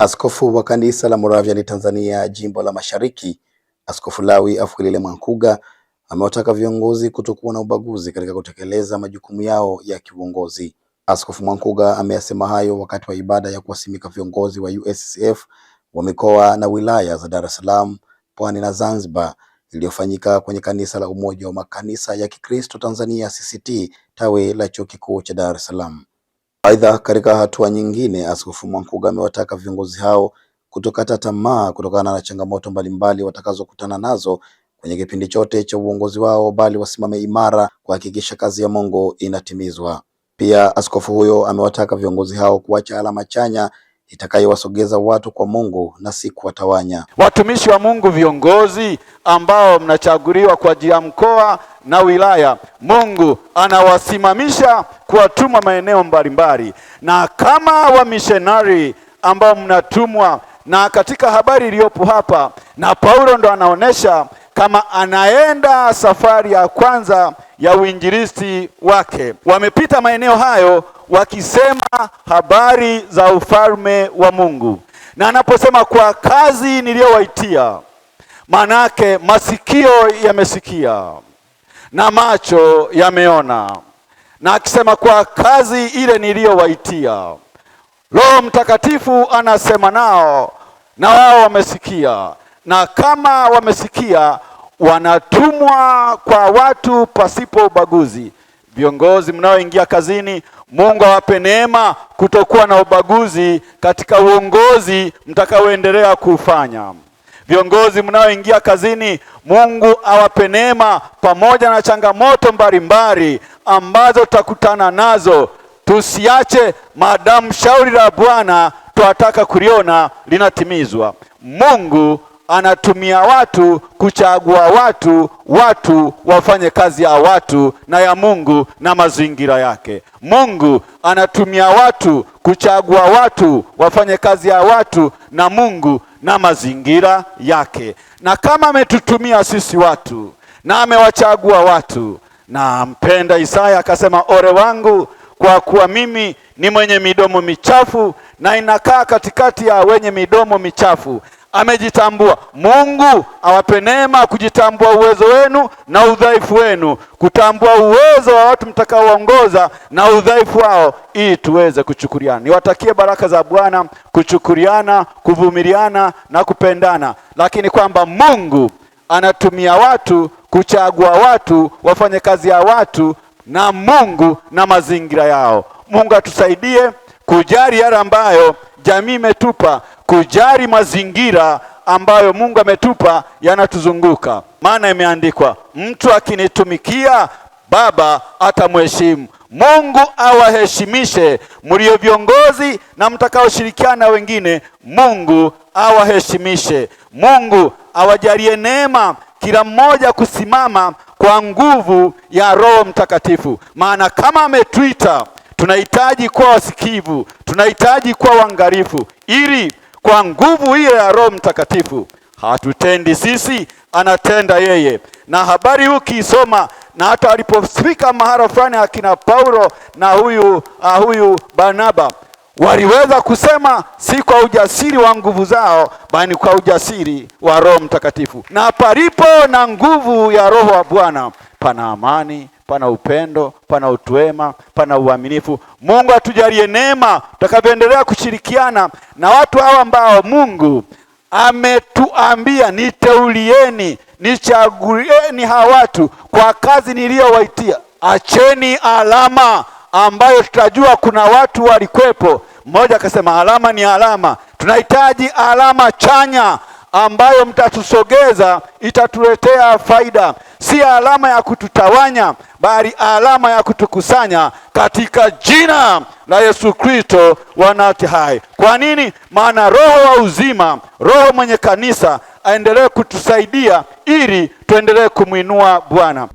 Askofu wa kanisa la Moravian Tanzania jimbo la Mashariki, Askofu Lawi Afuilile Mwankuga amewataka viongozi kutokuwa na ubaguzi katika kutekeleza majukumu yao ya kiuongozi. Askofu Mwankuga ameyasema hayo wakati wa ibada ya kuwasimika viongozi wa USCF wa mikoa na wilaya za Dar es Salaam, Pwani na Zanzibar iliyofanyika kwenye kanisa la Umoja wa Makanisa ya Kikristo Tanzania CCT, tawi la Chuo Kikuu cha Dar es Salaam. Aidha, katika hatua nyingine, Askofu mwankuga amewataka viongozi hao kutokata tamaa kutokana na changamoto mbalimbali watakazokutana nazo kwenye kipindi chote cha uongozi wao, bali wasimame imara kuhakikisha kazi ya Mungu inatimizwa. Pia askofu huyo amewataka viongozi hao kuacha alama chanya itakayowasogeza watu kwa Mungu na si kuwatawanya. Watumishi wa Mungu, viongozi ambao mnachaguliwa kwa ajili ya mkoa na wilaya, Mungu anawasimamisha kuwatuma maeneo mbalimbali, na kama wamishonari ambao mnatumwa. Na katika habari iliyopo hapa, na Paulo ndo anaonesha kama anaenda safari ya kwanza ya uinjilisti wake. Wamepita maeneo hayo wakisema habari za ufalme wa Mungu, na anaposema kwa kazi niliyowaitia, maanake masikio yamesikia na macho yameona, na akisema kwa kazi ile niliyowaitia. Roho Mtakatifu anasema nao, na wao wamesikia, na kama wamesikia, wanatumwa kwa watu pasipo ubaguzi. Viongozi mnaoingia kazini, Mungu awape neema kutokuwa na ubaguzi katika uongozi mtakaoendelea kuufanya. Viongozi mnaoingia kazini, Mungu awape neema pamoja na changamoto mbalimbali ambazo tutakutana nazo. Tusiache maadamu shauri la Bwana twataka kuliona linatimizwa. Mungu anatumia watu kuchagua watu, watu wafanye kazi ya watu na ya Mungu na mazingira yake. Mungu anatumia watu kuchagua watu wafanye kazi ya watu na Mungu na mazingira yake. Na kama ametutumia sisi watu na amewachagua watu, na mpenda Isaya akasema, ore wangu kwa kuwa mimi ni mwenye midomo michafu na inakaa katikati ya wenye midomo michafu amejitambua. Mungu awape neema kujitambua uwezo wenu na udhaifu wenu, kutambua uwezo wa watu mtakaoongoza na udhaifu wao, ili tuweze kuchukuliana. Niwatakie baraka za Bwana, kuchukuliana, kuvumiliana na kupendana, lakini kwamba Mungu anatumia watu kuchagua watu, wafanye kazi ya watu na Mungu na mazingira yao. Mungu atusaidie kujali yale ambayo jamii imetupa kujali mazingira ambayo Mungu ametupa yanatuzunguka, maana imeandikwa, mtu akinitumikia Baba atamheshimu. Mungu awaheshimishe mlio viongozi na mtakaoshirikiana wengine. Mungu awaheshimishe. Mungu awajalie neema kila mmoja kusimama kwa nguvu ya Roho Mtakatifu, maana kama ametuita tunahitaji kuwa wasikivu, tunahitaji kuwa waangalifu ili kwa nguvu ile ya Roho Mtakatifu. Hatutendi sisi, anatenda yeye. Na habari hii ukiisoma, na hata alipofika mahala fulani, akina Paulo na huyu ah, huyu Barnaba waliweza kusema si kwa ujasiri wa nguvu zao, bali kwa ujasiri wa Roho Mtakatifu. Na palipo na nguvu ya Roho wa Bwana pana amani pana upendo, pana utuema pana uaminifu. Mungu atujalie neema tutakavyoendelea kushirikiana na watu hawa ambao Mungu ametuambia niteulieni, nichagulieni hawa watu kwa kazi niliyowaitia. Acheni alama ambayo tutajua kuna watu walikwepo. Mmoja akasema alama ni alama, tunahitaji alama chanya ambayo mtatusogeza itatuletea faida, si alama ya kututawanya, bali alama ya kutukusanya katika jina la Yesu Kristo wa Nazareti hai. Kwa nini? Maana roho wa uzima, roho mwenye kanisa aendelee kutusaidia ili tuendelee kumwinua Bwana.